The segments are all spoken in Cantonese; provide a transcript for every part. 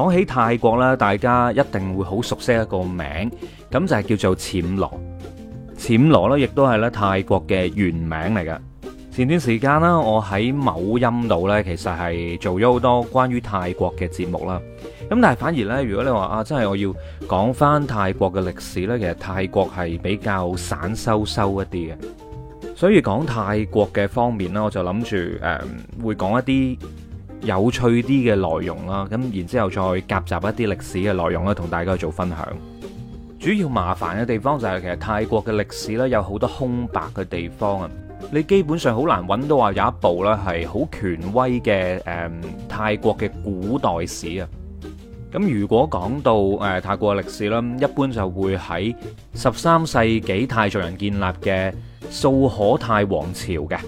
講起泰國咧，大家一定會好熟悉一個名，咁就係叫做暹羅。暹羅咧，亦都係咧泰國嘅原名嚟㗎。前段時間啦，我喺某音度咧，其實係做咗好多關於泰國嘅節目啦。咁但係反而咧，如果你話啊，真係我要講翻泰國嘅歷史咧，其實泰國係比較散收收一啲嘅。所以講泰國嘅方面咧，我就諗住誒，會講一啲。有趣啲嘅內容啦，咁然之後再夾雜一啲歷史嘅內容啦，同大家做分享。主要麻煩嘅地方就係、是、其實泰國嘅歷史呢，有好多空白嘅地方啊，你基本上好難揾到話有一部呢係好權威嘅誒、呃、泰國嘅古代史啊。咁如果講到誒、呃、泰國嘅歷史啦，一般就會喺十三世紀泰族人建立嘅素可泰王朝嘅，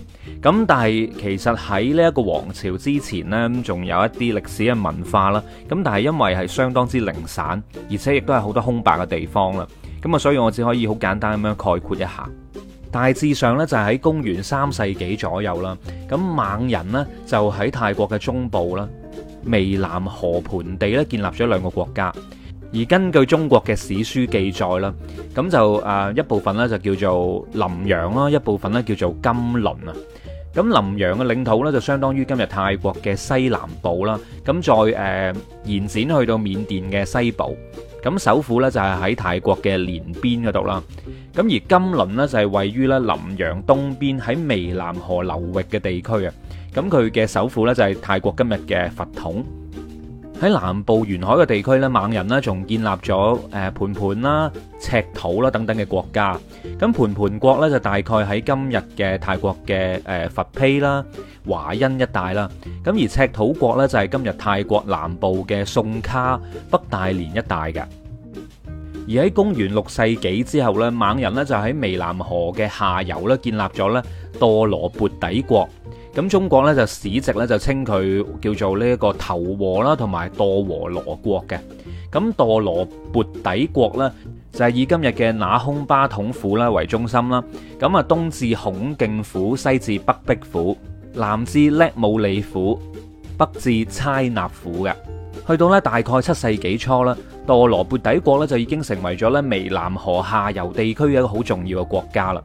咁但係其實喺呢一個王朝之前呢，仲有一啲歷史嘅文化啦，咁但係因為係相當之零散，而且亦都係好多空白嘅地方啦，咁啊所以我只可以好簡單咁樣概括一下，大致上呢就係喺公元三世紀左右啦，咁猛人呢，就喺泰國嘅中部啦，湄南河盆地咧建立咗兩個國家。而根據中國嘅史書記載啦，咁就誒一部分呢就叫做林陽啦，一部分呢叫做金倫啊。咁林陽嘅領土呢，就相當於今日泰國嘅西南部啦，咁再誒、呃、延展去到緬甸嘅西部。咁首府呢就係喺泰國嘅連邊嗰度啦。咁而金倫呢，就係位於咧林陽東邊喺湄南河流域嘅地區啊。咁佢嘅首府呢，就係泰國今日嘅佛統。喺南部沿海嘅地區咧，孟人咧仲建立咗誒盤盤啦、赤土啦等等嘅國家。咁盤盤國咧就大概喺今日嘅泰國嘅誒佛披啦、華欣一帶啦。咁而赤土國咧就係今日泰國南部嘅宋卡、北大年一帶嘅。而喺公元六世紀之後咧，孟人咧就喺湄南河嘅下游咧建立咗咧多羅勃底國。咁中國咧就史籍咧就稱佢叫做呢、這、一個頭和啦，同埋墮和羅國嘅。咁墮羅撥底國呢，就係、是、以今日嘅那空巴統府啦為中心啦。咁啊，東至孔敬府，西至北碧府，南至叻武里府，北至差納府嘅。去到咧大概七世紀初啦，墮羅拔底國咧就已經成為咗咧湄南河下游地區一個好重要嘅國家啦。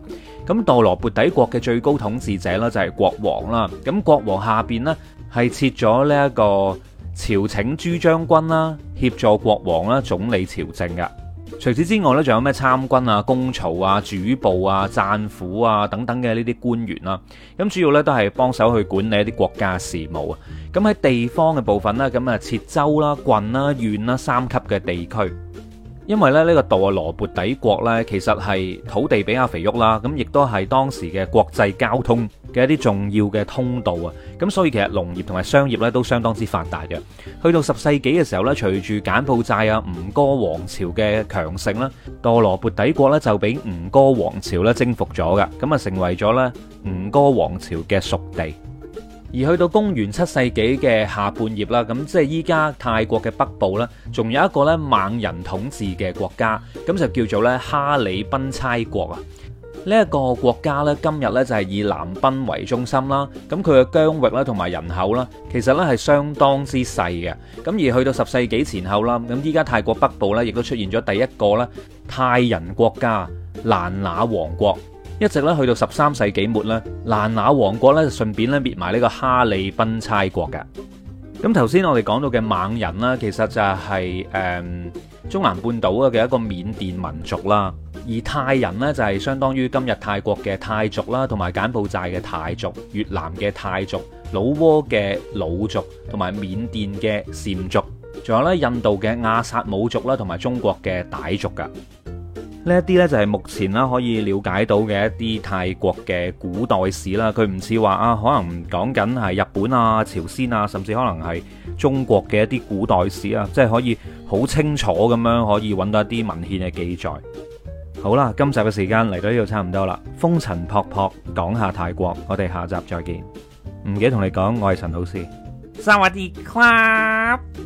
咁墮羅拔底國嘅最高統治者咧就係國王啦。咁國王下邊咧係設咗呢一個朝請朱將軍啦，協助國王啦總理朝政嘅。除此之外咧，仲有咩參軍啊、公曹啊、主簿、啊、贊府啊等等嘅呢啲官員啦、啊，咁主要咧都係幫手去管理一啲國家事務啊。咁喺地方嘅部分咧、啊，咁啊設州啦、啊、郡啦、啊、縣啦、啊、三級嘅地區。因為咧，呢個墮羅缽底國呢，其實係土地比較肥沃啦，咁亦都係當時嘅國際交通嘅一啲重要嘅通道啊，咁所以其實農業同埋商業呢，都相當之發達嘅。去到十世紀嘅時候呢，隨住柬埔寨啊、吳哥王朝嘅強盛啦，墮羅缽底國呢，就俾吳哥王朝咧征服咗㗎，咁啊成為咗呢吳哥王朝嘅屬地。而去到公元七世紀嘅下半葉啦，咁即係依家泰國嘅北部啦，仲有一個咧孟人統治嘅國家，咁就叫做咧哈里賓差國啊。呢一個國家呢，今日呢就係以南奔為中心啦。咁佢嘅疆域咧同埋人口啦，其實呢係相當之細嘅。咁而去到十世紀前後啦，咁依家泰國北部呢，亦都出現咗第一個咧泰人國家蘭那王國。一直咧去到十三世紀末咧，蘭那王國咧就順便咧滅埋呢個哈利賓差國嘅。咁頭先我哋講到嘅猛人啦，其實就係、是、誒、嗯、中南半島嘅一個緬甸民族啦。而泰人咧就係相當於今日泰國嘅泰族啦，同埋柬埔寨嘅泰族、越南嘅泰族、老撾嘅老族，同埋緬甸嘅禪族，仲有咧印度嘅亞殺姆族啦，同埋中國嘅傣族噶。呢一啲呢，就係目前啦可以了解到嘅一啲泰國嘅古代史啦，佢唔似話啊，可能講緊係日本啊、朝鮮啊，甚至可能係中國嘅一啲古代史啊，即係可以好清楚咁樣可以揾到一啲文獻嘅記載。好啦，今集嘅時間嚟到呢度差唔多啦，風塵僕僕講下泰國，我哋下集再見。唔記得同你講，我係陳老師。Sawadee ka。